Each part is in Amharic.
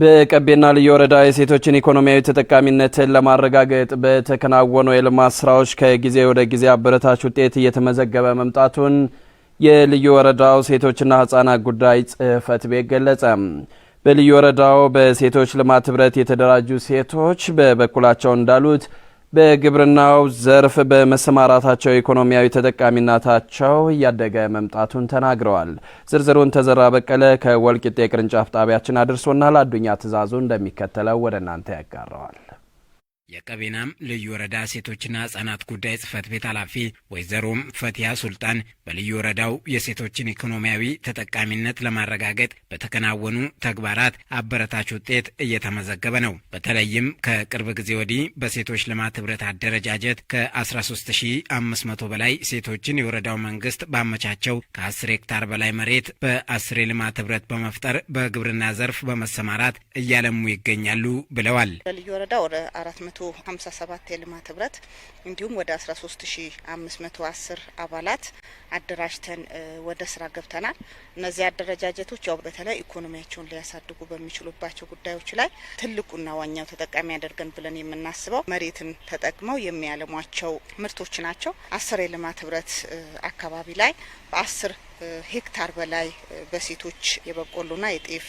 በቀቤና ልዩ ወረዳ የሴቶችን ኢኮኖሚያዊ ተጠቃሚነትን ለማረጋገጥ በተከናወኑ የልማት ስራዎች ከጊዜ ወደ ጊዜ አበረታች ውጤት እየተመዘገበ መምጣቱን የልዩ ወረዳው ሴቶችና ህጻናት ጉዳይ ጽህፈት ቤት ገለጸ። በልዩ ወረዳው በሴቶች ልማት ህብረት የተደራጁ ሴቶች በበኩላቸው እንዳሉት በግብርናው ዘርፍ በመሰማራታቸው ኢኮኖሚያዊ ተጠቃሚነታቸው እያደገ መምጣቱን ተናግረዋል። ዝርዝሩን ተዘራ በቀለ ከወልቂጤ ቅርንጫፍ ጣቢያችን አድርሶናል። አዱኛ ትእዛዙ እንደሚከተለው ወደ እናንተ ያጋረዋል። የቀቤናም ልዩ ወረዳ ሴቶችና ህጻናት ጉዳይ ጽህፈት ቤት ኃላፊ ወይዘሮም ፈቲያ ሱልጣን በልዩ ወረዳው የሴቶችን ኢኮኖሚያዊ ተጠቃሚነት ለማረጋገጥ በተከናወኑ ተግባራት አበረታች ውጤት እየተመዘገበ ነው። በተለይም ከቅርብ ጊዜ ወዲህ በሴቶች ልማት ህብረት አደረጃጀት ከ13500 በላይ ሴቶችን የወረዳው መንግስት ባመቻቸው ከ10 ሄክታር በላይ መሬት በ10 የልማት ህብረት በመፍጠር በግብርና ዘርፍ በመሰማራት እያለሙ ይገኛሉ ብለዋል። 157 የልማት ህብረት እንዲሁም ወደ 13510 አባላት አደራጅተን ወደ ስራ ገብተናል። እነዚህ አደረጃጀቶች ያው በተለይ ኢኮኖሚያቸውን ሊያሳድጉ በሚችሉባቸው ጉዳዮች ላይ ትልቁና ዋኛው ተጠቃሚ ያደርገን ብለን የምናስበው መሬትን ተጠቅመው የሚያለሟቸው ምርቶች ናቸው። አስር የልማት ህብረት አካባቢ ላይ በአስር ሄክታር በላይ በሴቶች የበቆሎና የጤፍ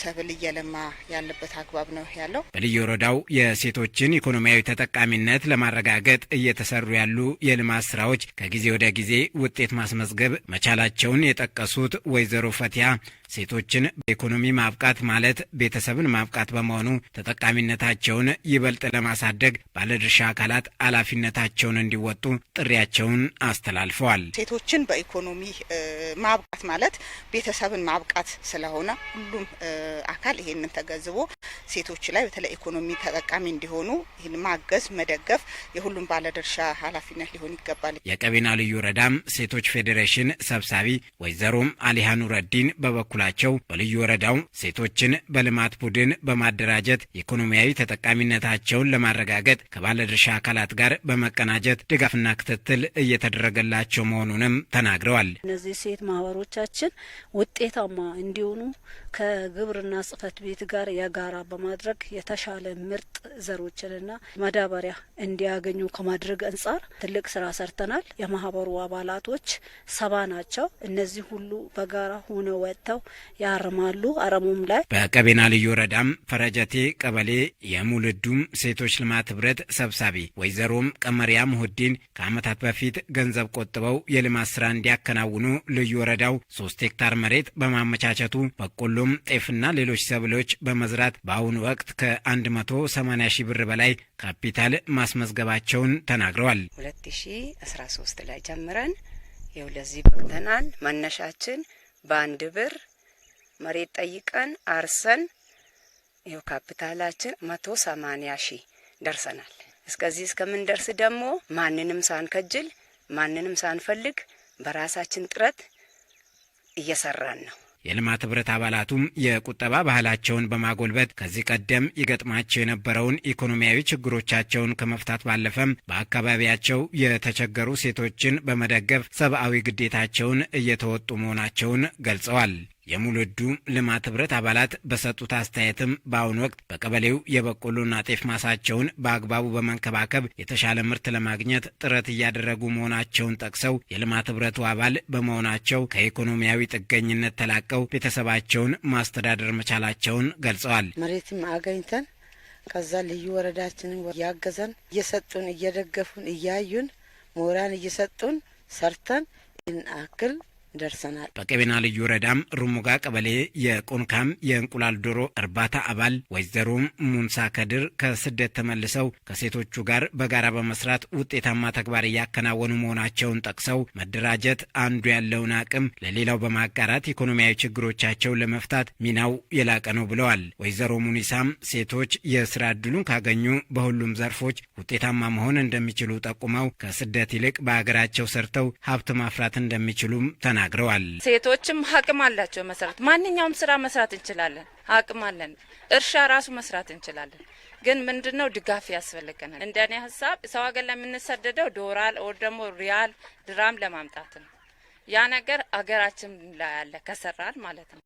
ሰብል እየለማ ያለበት አግባብ ነው ያለው። በልዩ ወረዳው የሴቶችን ኢኮኖሚያዊ ተጠቃሚነት ለማረጋገጥ እየተሰሩ ያሉ የልማት ስራዎች ከጊዜ ወደ ጊዜ ውጤት ማስመዝገብ መቻላቸውን የጠቀሱት ወይዘሮ ፈቲያ ሴቶችን በኢኮኖሚ ማብቃት ማለት ቤተሰብን ማብቃት በመሆኑ ተጠቃሚነታቸውን ይበልጥ ለማሳደግ ባለድርሻ አካላት ኃላፊነታቸውን እንዲወጡ ጥሪያቸውን አስተላልፈዋል። ሴቶችን በኢኮኖሚ ማብቃት ማለት ቤተሰብን ማብቃት ስለሆነ ሁሉም አካል ይሄንን ተገንዝቦ ሴቶች ላይ በተለይ ኢኮኖሚ ተጠቃሚ እንዲሆኑ ይህን ማገዝ መደገፍ የሁሉም ባለድርሻ ኃላፊነት ሊሆን ይገባል። የቀቤና ልዩ ወረዳም ሴቶች ፌዴሬሽን ሰብሳቢ ወይዘሮም አሊሃኑ ረዲን በበኩላቸው በልዩ ወረዳው ሴቶችን በልማት ቡድን በማደራጀት ኢኮኖሚያዊ ተጠቃሚነታቸውን ለማረጋገጥ ከባለድርሻ አካላት ጋር በመቀናጀት ድጋፍና ክትትል እየተደረገላቸው መሆኑንም ተናግረዋል። እነዚህ ሴት ማህበሮቻችን ውጤታማ እንዲሆኑ ከግብርና ጽህፈት ቤት ጋር የጋራ በማድረግ የተሻለ ምርጥ ዘሮችንና ማዳበሪያ እንዲያገኙ ከማድረግ አንጻር ትልቅ ስራ ሰርተናል። የማህበሩ አባላቶች ሰባ ናቸው። እነዚህ ሁሉ በጋራ ሆነው ወጥተው ያርማሉ። አረሙም ላይ በቀቤና ልዩ ወረዳም ፈረጀቴ ቀበሌ የሙልዱም ሴቶች ልማት ህብረት ሰብሳቢ ወይዘሮም ቀመሪያ ሙሁዲን ከአመታት በፊት ገንዘብ ቆጥበው የልማት ስራ እንዲያከናውኑ ልዩ ወረዳው ሶስት ሄክታር መሬት በማመቻቸቱ በቆሎም ጤፍና ሌሎች ሰብሎች በመዝራት በአሁ በአሁኑ ወቅት ከ180 ሺህ ብር በላይ ካፒታል ማስመዝገባቸውን ተናግረዋል። 2013 ላይ ጀምረን ይኸው ለዚህ በቅተናል። መነሻችን በአንድ ብር መሬት ጠይቀን አርሰን ይኸው ካፒታላችን 180 ሺህ ደርሰናል። እስከዚህ እስከምንደርስ ደግሞ ማንንም ሳንከጅል ማንንም ሳንፈልግ በራሳችን ጥረት እየሰራን ነው። የልማት ህብረት አባላቱም የቁጠባ ባህላቸውን በማጎልበት ከዚህ ቀደም ይገጥማቸው የነበረውን ኢኮኖሚያዊ ችግሮቻቸውን ከመፍታት ባለፈም በአካባቢያቸው የተቸገሩ ሴቶችን በመደገፍ ሰብአዊ ግዴታቸውን እየተወጡ መሆናቸውን ገልጸዋል። የሙልዱ ልማት ህብረት አባላት በሰጡት አስተያየትም በአሁኑ ወቅት በቀበሌው የበቆሎና ጤፍ ማሳቸውን በአግባቡ በመንከባከብ የተሻለ ምርት ለማግኘት ጥረት እያደረጉ መሆናቸውን ጠቅሰው የልማት ህብረቱ አባል በመሆናቸው ከኢኮኖሚያዊ ጥገኝነት ተላቀው ቤተሰባቸውን ማስተዳደር መቻላቸውን ገልጸዋል። መሬትም አገኝተን ከዛ ልዩ ወረዳችንን እያገዘን እየሰጡን እየደገፉን እያዩን ሞራን እየሰጡን ሰርተን ይህን አክል ደርሰናል። በቀቤና ልዩ ወረዳም ሩሙጋ ቀበሌ የቆንካም የእንቁላል ዶሮ እርባታ አባል ወይዘሮ ሙንሳ ከድር ከስደት ተመልሰው ከሴቶቹ ጋር በጋራ በመስራት ውጤታማ ተግባር እያከናወኑ መሆናቸውን ጠቅሰው መደራጀት አንዱ ያለውን አቅም ለሌላው በማጋራት ኢኮኖሚያዊ ችግሮቻቸውን ለመፍታት ሚናው የላቀ ነው ብለዋል። ወይዘሮ ሙኒሳም ሴቶች የስራ እድሉን ካገኙ በሁሉም ዘርፎች ውጤታማ መሆን እንደሚችሉ ጠቁመው ከስደት ይልቅ በሀገራቸው ሰርተው ሀብት ማፍራት እንደሚችሉም ተናግረዋል። ተናግረዋል። ሴቶችም አቅም አላቸው መሰረት ማንኛውም ስራ መስራት እንችላለን። አቅም አለን። እርሻ ራሱ መስራት እንችላለን። ግን ምንድን ነው ድጋፍ ያስፈልገናል። እንደኔ ሀሳብ ሰው ሀገር ለምንሰደደው ዶላር ወር ደግሞ ሪያል ድራም ለማምጣት ነው። ያ ነገር አገራችን ላይ ያለ ከሰራን ማለት ነው።